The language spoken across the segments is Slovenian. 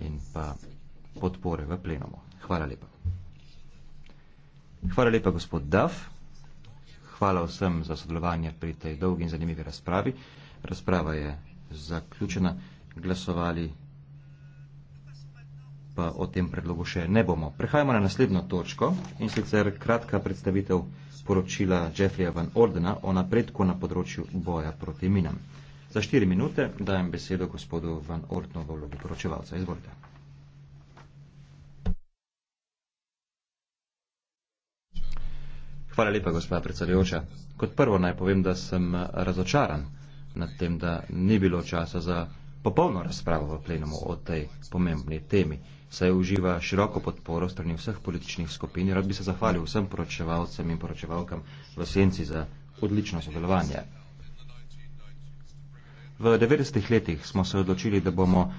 in pa podpore v plenumu. Hvala lepa. Hvala lepa, gospod Duff. Hvala vsem za sodelovanje pri tej dolgi in zanimivi razpravi. Razprava je zaključena. Glasovali pa o tem predlogu še ne bomo. Prehajamo na naslednjo točko in sicer kratka predstavitev poročila Jeffreya Van Ordena o napredku na področju boja proti minam. Za štiri minute dajem besedo gospodu Van Ortno v vlogi poročevalca. Izvolite. Hvala lepa, gospa predsedujoča. Kot prvo naj povem, da sem razočaran nad tem, da ni bilo časa za popolno razpravo v plenumu o tej pomembni temi. Saj uživa široko podporo strani vseh političnih skupin. Rad bi se zahvalil vsem poročevalcem in poročevalkam v senci za odlično sodelovanje. V 90. letih smo se odločili, da bomo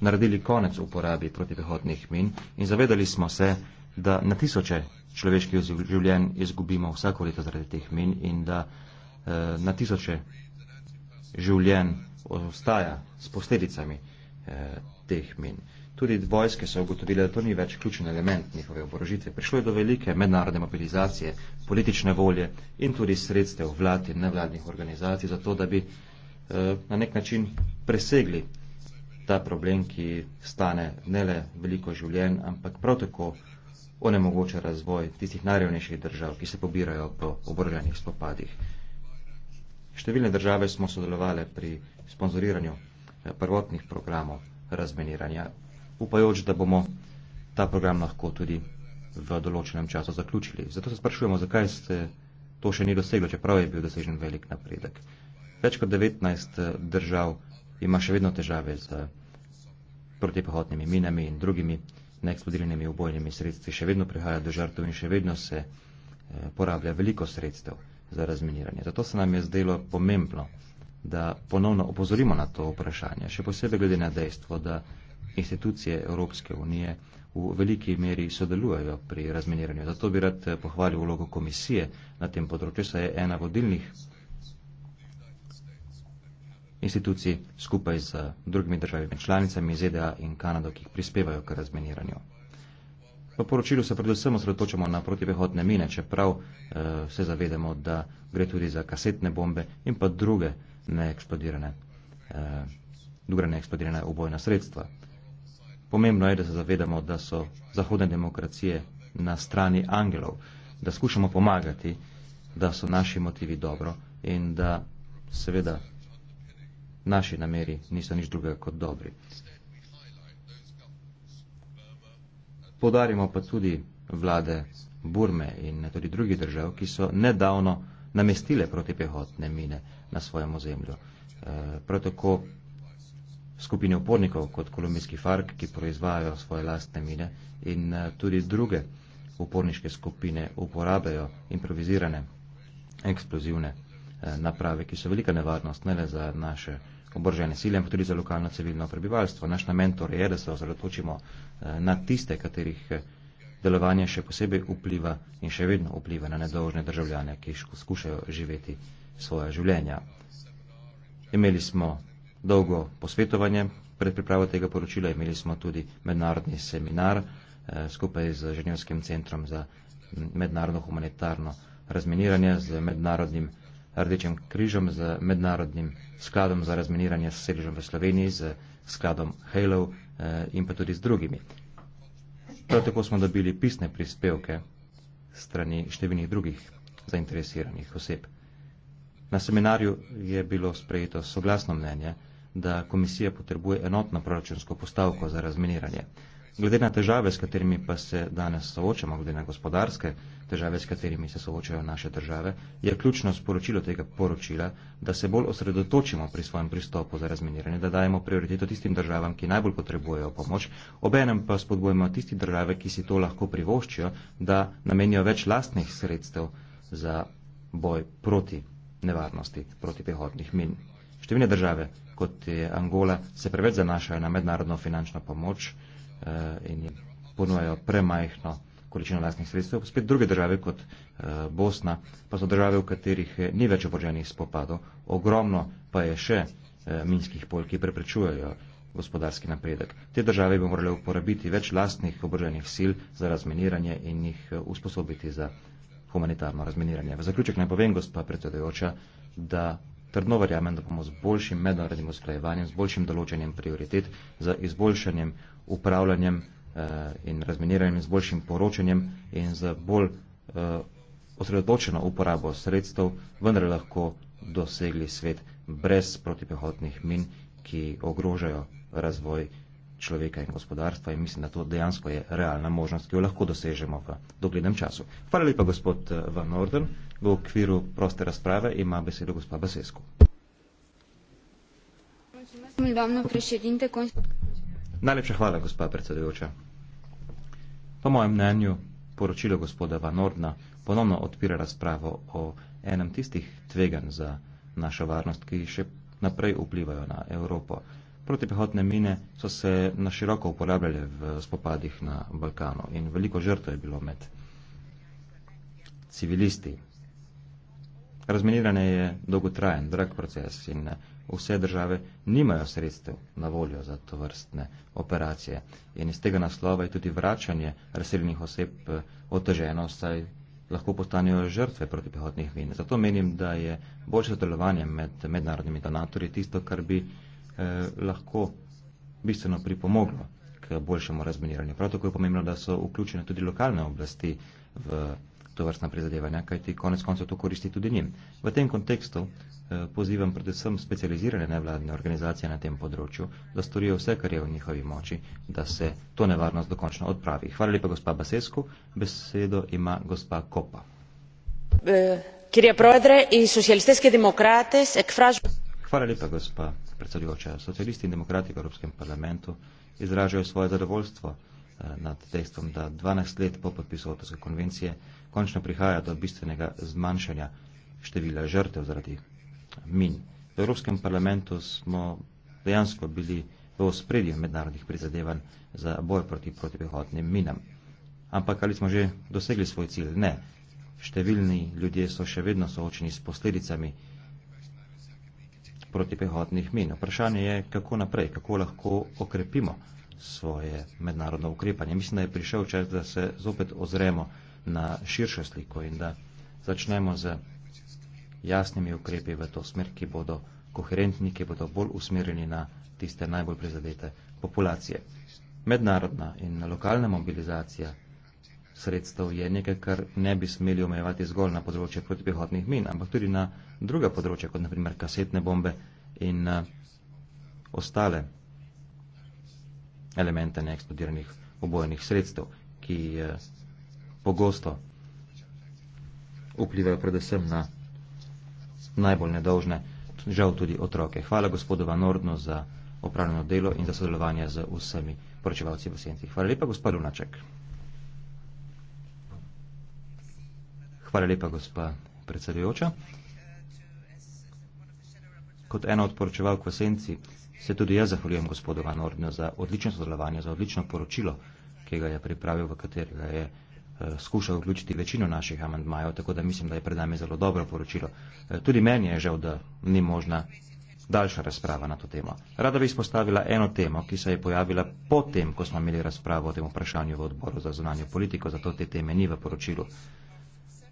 naredili konec uporabi protipehotnih min in zavedali smo se, da na tisoče človeških življenj izgubimo vsako leto zaradi teh min in da eh, na tisoče življenj ostaja s posledicami eh, teh min. Tudi vojske so ugotovile, da to ni več ključen element njihove oborožitve. Prišlo je do velike mednarodne mobilizacije, politične volje in tudi sredstev vlad in nevladnih organizacij za to, da bi eh, Eh, na nek način presegli ta problem, ki stane ne le veliko življenj, ampak prav tako onemogoča razvoj tistih najrevnejših držav, ki se pobirajo po oboroženih spopadih. Številne države smo sodelovali pri sponzoriranju eh, prvotnih programov razmeniranja, upajoč, da bomo ta program lahko tudi v določenem času zaključili. Zato se sprašujemo, zakaj se to še ni doseglo, čeprav je bil dosežen velik napredek več kot 19 eh, držav ima še vedno težave z eh, protipohodnimi minami in drugimi neeksplodiranimi ubojnimi sredstvi. Še vedno prihaja do žrtev in še vedno se eh, porablja veliko sredstev za razminiranje. Zato se nam je zdelo pomembno, da ponovno opozorimo na to vprašanje, še posebej glede na dejstvo, da institucije Evropske unije v veliki meri sodelujejo pri razminiranju. Zato bi rad pohvalil vlogo komisije na tem področju, saj je ena vodilnih institucij skupaj z drugimi državami članicami ZDA in Kanado, ki jih prispevajo k razminiranju. V poročilu se predvsem osredotočamo na protipehotne mine, čeprav eh, se zavedamo, da gre tudi za kasetne bombe in pa druge neeksplodirane, eh, druge neeksplodirane obojna sredstva. Pomembno je, da se zavedamo, da so zahodne demokracije na strani angelov, da skušamo pomagati, da so naši motivi dobro in da seveda naši nameri niso nič drugega kot dobri. Podarimo pa tudi vlade Burme in tudi drugih držav, ki so nedavno namestile protipehotne mine na svojem ozemlju. E, prav tako skupine upornikov kot kolumbijski FARC, ki proizvajajo svoje lastne mine in eh, tudi druge uporniške skupine uporabljajo improvizirane eksplozivne Eh, naprave, ki so velika nevarnost ne le za naše oborožene sile, ampak tudi za lokalno civilno prebivalstvo. Naš namen torej je, da se ozaletočimo eh, na tiste, katerih eh, delovanje še posebej vpliva in še vedno vpliva na nedolžne državljane, ki skušajo živeti svoja življenja. Imeli smo dolgo posvetovanje pred pripravo tega poročila, imeli smo tudi mednarodni seminar skupaj z Ženevskim centrom za mednarodno humanitarno razminiranje z mednarodnim Rdečim križem, z mednarodnim skladom za razminiranje s sedežem v Sloveniji, z skladom Halo eh, in pa tudi z drugimi. Prav tako smo dobili pisne prispevke strani številnih drugih zainteresiranih oseb. Na seminarju je bilo sprejeto soglasno mnenje, da komisija potrebuje enotno proračunsko postavko za razminiranje. Glede na težave, s katerimi pa se danes soočamo, glede na gospodarske težave, s katerimi se soočajo naše države, je ključno sporočilo tega poročila, da se bolj osredotočimo pri svojem pristopu za razminiranje, da dajemo prioriteto tistim državam, ki najbolj potrebujejo pomoč, obenem pa spodbujemo tisti države, ki si to lahko privoščijo, da namenijo več lastnih sredstev za boj proti nevarnosti, proti pehotnih min. Številne države, kot je Angola, se preveč zanašajo na mednarodno finančno pomoč, Eh, in jim ponujajo premajhno količino lastnih sredstev. Spet druge države kot eh, Bosna pa so države, v katerih eh, ni več oboženih spopadov. Ogromno pa je še minskih polj, ki preprečujejo gospodarski napredek. Te države bi morale uporabiti več lastnih oboženih sil za razminiranje in jih usposobiti za humanitarno razminiranje. V zaključek naj povem, gospa predsedujoča, da trdno verjamem, da bomo z boljšim mednarodnim usklajevanjem, z boljšim določenjem prioritet, za izboljšanjem upravljanjem eh, in razminiranjem z boljšim poročanjem in z bolj eh, osredotočeno uporabo sredstev vendar lahko dosegli svet brez protipehotnih min, ki ogrožajo razvoj človeka in gospodarstva in mislim, da to dejansko je realna možnost, ki jo lahko dosežemo v doglednem času. Hvala lepa gospod eh, Van Norden. V okviru proste razprave ima besedo gospod Basesko. Mulțumesc, domnul președinte. Cons... Najlepša hvala, gospa predsedujoča. Po mojem mnenju, poročilo gospoda Vanordna ponovno odpira razpravo o enem tistih tvegan za našo varnost, ki še naprej vplivajo na Evropo. Protipehotne mine so se na široko uporabljale v spopadih na Balkanu in veliko žrtev je bilo med civilisti. Razminiranje je dolgotrajen, drag proces in vse države nimajo sredstev na voljo za to vrstne operacije. In iz tega naslova je tudi vračanje razseljenih oseb eh, oteženo, saj lahko postanejo žrtve proti pehotnih min. Zato menim, da je boljše sodelovanje med mednarodnimi donatorji tisto, kar bi eh, lahko bistveno pripomoglo k boljšemu razminiranju. Prav tako je pomembno, da so vključene tudi lokalne oblasti v to vrstna prizadevanja, kajti konec koncev to koristi tudi njim. V tem kontekstu eh, pozivam predvsem specializirane nevladne organizacije na tem področju, da storijo vse, kar je v njihovi moči, da se to nevarnost dokončno odpravi. Hvala lepa, gospa Basesku. Besedo ima gospa Kopa. Eh, Hvala lepa, gospa predsedujoča. Socialisti in demokrati v Evropskem parlamentu izražajo svoje zadovoljstvo Eh, nad dejstvom, da 12 let po podpisu otoske konvencije končno prihaja do bistvenega zmanjšanja števila žrtev zaradi min. V Evropskem parlamentu smo dejansko bili v ospredju mednarodnih prizadevanj za boj proti protipehotnim minam. Ampak ali smo že dosegli svoj cilj? Ne. Številni ljudje so še vedno soočeni s posledicami protipehotnih min. Vprašanje je, kako naprej, kako lahko okrepimo svoje mednarodno ukrepanje. Mislim, da je prišel čas, da se zopet ozremo na širšo sliko in da začnemo z jasnimi ukrepi v to smer, ki bodo koherentni, ki bodo bolj usmerjeni na tiste najbolj prizadete populacije. Mednarodna in lokalna mobilizacija sredstev je nekaj, kar ne bi smeli omejevati zgolj na področje protipehotnih min, ampak tudi na druga področja, kot naprimer kasetne bombe in eh, ostale elemente neeksplodiranih obojenih sredstev, ki eh, pogosto vplivajo predvsem na najbolj nedolžne, žal tudi otroke. Hvala gospodu Vanordno za opravljeno delo in za sodelovanje z vsemi poročevalci v Senci. Hvala lepa, gospod Lunaček. Hvala lepa, gospa predsedujoča. Kot ena od poročevalk v Senci Se tudi jaz zahvaljujem gospodu Van Ordnju za odlično sodelovanje, za odlično poročilo, ki ga je pripravil, v katerega je eh, skušal vključiti večino naših amandmajev, tako da mislim, da je pred nami zelo dobro poročilo. Eh, tudi meni je žal, da ni možna daljša razprava na to temo. Rada bi izpostavila eno temo, ki se je pojavila potem, ko smo imeli razpravo o tem vprašanju v odboru za zunanjo politiko, zato te teme ni v poročilu.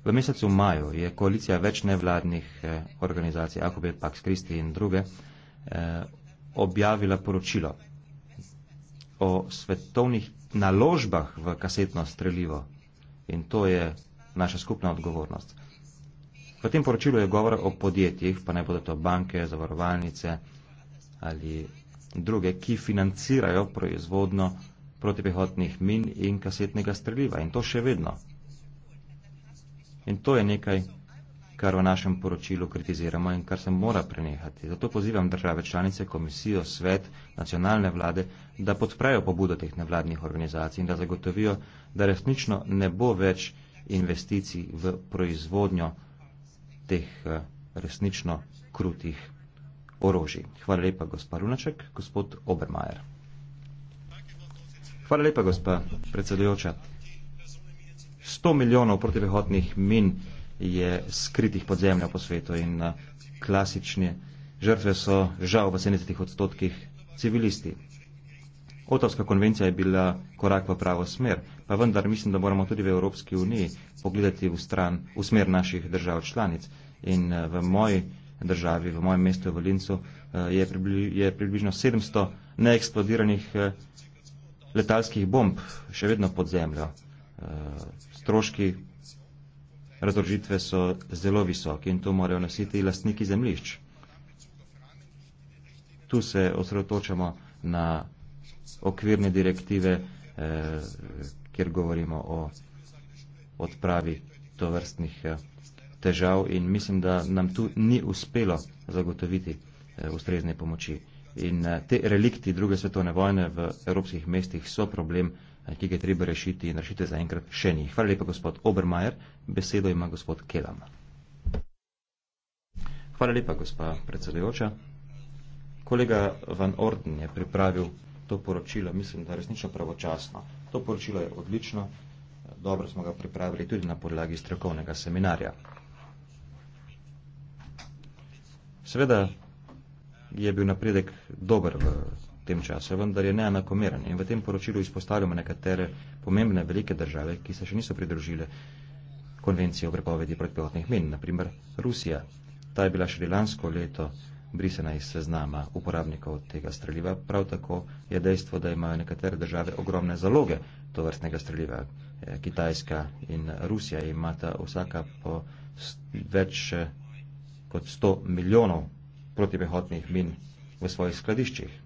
V mesecu maju je koalicija več nevladnih eh, organizacij, Akobet, Pax Kristi in druge, objavila poročilo o svetovnih naložbah v kasetno streljivo in to je naša skupna odgovornost. V tem poročilu je govor o podjetjih, pa ne bodo to banke, zavarovalnice ali druge, ki financirajo proizvodno protipehotnih min in kasetnega streljiva in to še vedno. In to je nekaj, kar v našem poročilu kritiziramo in kar se mora prenehati. Zato pozivam države članice, komisijo, svet, nacionalne vlade, da podprejo pobudo teh nevladnih organizacij in da zagotovijo, da resnično ne bo več investicij v proizvodnjo teh eh, resnično krutih orožij. Hvala lepa, gospa Runaček, gospod Obermajer. Hvala lepa, gospa predsedujoča. 100 milijonov protivehotnih min je skritih pod zemljo po svetu in eh, klasične žrtve so žal v 70 odstotkih civilisti. Otovska konvencija je bila korak v pravo smer, pa vendar mislim, da moramo tudi v Evropski uniji pogledati v, stran, v smer naših držav članic. In eh, v moji državi, v mojem mestu v Lincu eh, je, približ, je približno 700 neeksplodiranih letalskih bomb še vedno pod zemljo. Stroški razložitve so zelo visoke in to morajo nositi lastniki zemljišč. Tu se osredotočamo na okvirne direktive, eh, kjer govorimo o odpravi tovrstnih eh, težav in mislim, da nam tu ni uspelo zagotoviti eh, ustrezne pomoči. In te relikti druge svetovne vojne v evropskih mestih so problem vsega ki ga je treba rešiti in rešite zaenkrat še ni. Hvala lepa, gospod Obermajer. Besedo ima gospod Kelam. Hvala lepa, gospa predsedujoča. Kolega Van Orden je pripravil to poročilo, mislim, da resnično pravočasno. To poročilo je odlično, dobro smo ga pripravili tudi na podlagi strokovnega seminarja. Seveda je bil napredek dober v tem času, vendar je neenakomeren. In v tem poročilu izpostavljamo nekatere pomembne velike države, ki se še niso pridružile konvencije o prepovedi predpilotnih min, naprimer Rusija. Ta je bila še lansko leto brisena iz seznama uporabnikov tega streljiva. Prav tako je dejstvo, da imajo nekatere države ogromne zaloge to vrstnega streljiva. Eh, Kitajska in Rusija imata vsaka po več eh, kot 100 milijonov protipehotnih min v svojih skladiščih.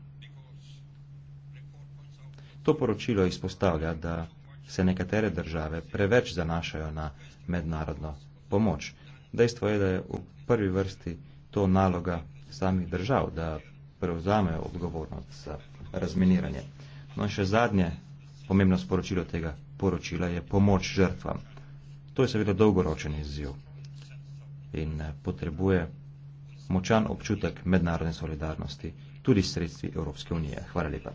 To poročilo izpostavlja, da se nekatere države preveč zanašajo na mednarodno pomoč. Dejstvo je, da je v prvi vrsti to naloga samih držav, da prevzamejo odgovornost za razminiranje. No in še zadnje pomembno sporočilo tega poročila je pomoč žrtvam. To je seveda dolgoročen izziv in eh, potrebuje močan občutek mednarodne solidarnosti tudi sredstvi Evropske unije. Hvala lepa.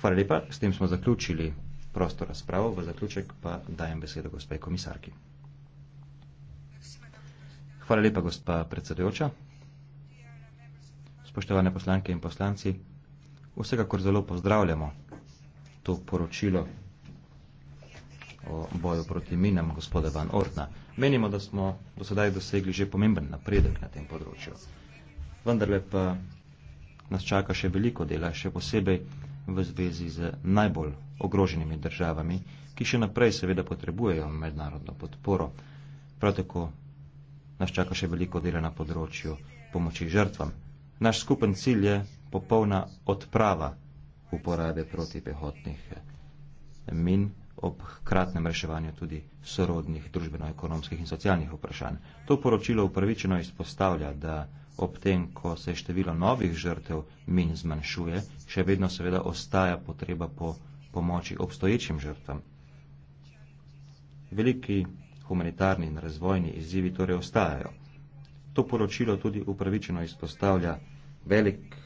Hvala lepa. S tem smo zaključili prosto razpravo. V zaključek pa dajem besedo gospej komisarki. Hvala lepa, gospa predsedujoča. Spoštovane poslanke in poslanci, vsekakor zelo pozdravljamo to poročilo o boju proti minam gospoda Van Ortna. Menimo, da smo do sedaj dosegli že pomemben napredek na tem področju. Vendarle pa nas čaka še veliko dela, še posebej v zvezi z najbolj ogroženimi državami, ki še naprej seveda potrebujejo mednarodno podporo. Prav tako nas čaka še veliko dela na področju pomoči žrtvam. Naš skupen cilj je popolna odprava uporabe protipehotnih eh, min ob kratnem reševanju tudi sorodnih družbeno-ekonomskih in socialnih vprašanj. To poročilo upravičeno izpostavlja, da ob tem, ko se število novih žrtev min zmanjšuje, še vedno seveda ostaja potreba po pomoči obstoječim žrtvam. Veliki humanitarni in razvojni izzivi torej ostajajo. To poročilo tudi upravičeno izpostavlja velik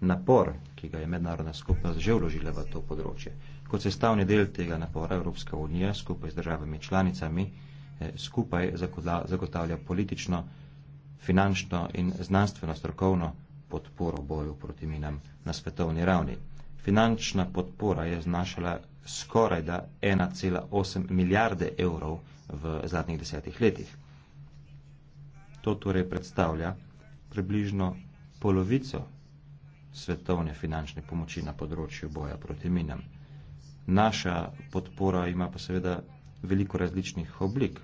napor, ki ga je mednarodna skupnost že vložila v to področje. Kot sestavni del tega napora Evropska unija skupaj z državami članicami eh, skupaj zagotavlja politično finančno in znanstveno strokovno podporo boju proti minam na svetovni ravni. Finančna podpora je znašala skoraj da 1,8 milijarde evrov v zadnjih desetih letih. To torej predstavlja približno polovico svetovne finančne pomoči na področju boja proti minam. Naša podpora ima pa seveda veliko različnih oblik.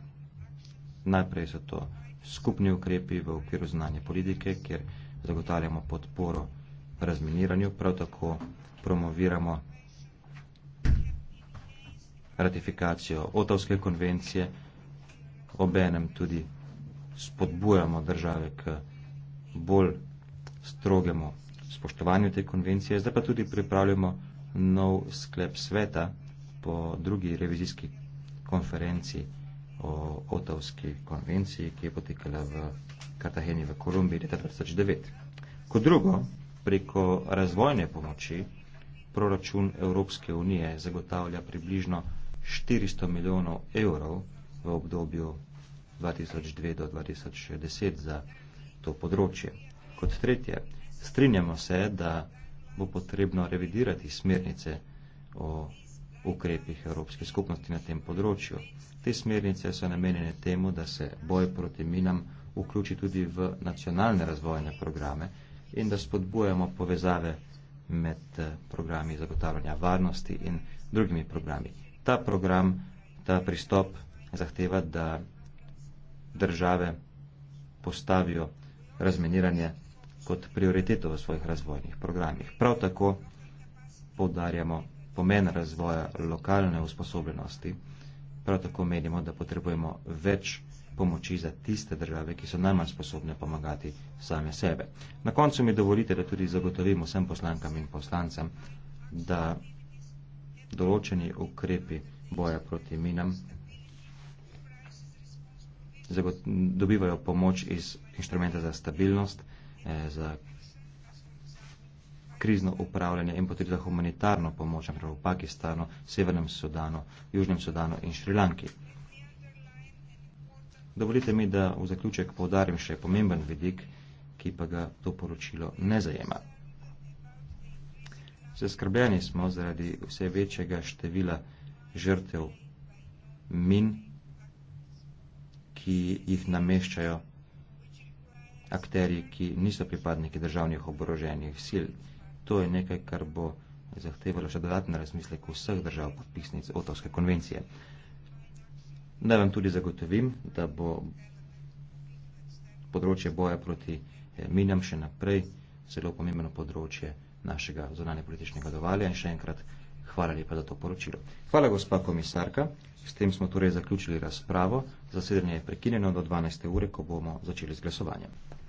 Najprej so to skupni ukrepi v okviru znanje politike, kjer zagotavljamo podporo razminiranju, prav tako promoviramo ratifikacijo Otovske konvencije, obenem tudi spodbujamo države k bolj strogemu spoštovanju te konvencije, zdaj pa tudi pripravljamo nov sklep sveta po drugi revizijski konferenciji o otavski konvenciji, ki je potekala v Kataheni v Kolumbiji leta 2009. Kot drugo, preko razvojne pomoči proračun Evropske unije zagotavlja približno 400 milijonov evrov v obdobju 2002 do 2010 za to področje. Kot tretje, strinjamo se, da bo potrebno revidirati smernice o ukrepih Evropske skupnosti na tem področju. Te smernice so namenjene temu, da se boj proti minam vključi tudi v nacionalne razvojne programe in da spodbujamo povezave med eh, programi zagotavljanja varnosti in drugimi programi. Ta program, ta pristop zahteva, da države postavijo razminiranje kot prioriteto v svojih razvojnih programih. Prav tako podarjamo pomen razvoja lokalne usposobljenosti. Prav tako menimo, da potrebujemo več pomoči za tiste države, ki so najmanj sposobne pomagati same sebe. Na koncu mi dovolite, da tudi zagotovim vsem poslankam in poslancem, da določeni ukrepi boja proti minam dobivajo pomoč iz inštrumenta za stabilnost, eh, za krizno upravljanje in potrebe za humanitarno pomoč v Pakistanu, Severnem Sudanu, Južnem Sudanu in Šrilanki. Dovolite mi, da v zaključek povdarim še pomemben vidik, ki pa ga to poročilo ne zajema. Se skrbljeni smo zaradi vse večjega števila žrtev min, ki jih nameščajo akteri, ki niso pripadniki državnih oboroženih sil. To je nekaj, kar bo zahtevalo še dodatne razmisleke vseh držav podpisnic Otovske konvencije. Naj vam tudi zagotovim, da bo področje boja proti eh, minjam še naprej zelo pomembno področje našega zonanje političnega dovalja in še enkrat hvala lepa za to poročilo. Hvala gospa komisarka, s tem smo torej zaključili razpravo, zasedanje je prekinjeno do 12. ure, ko bomo začeli z glasovanjem.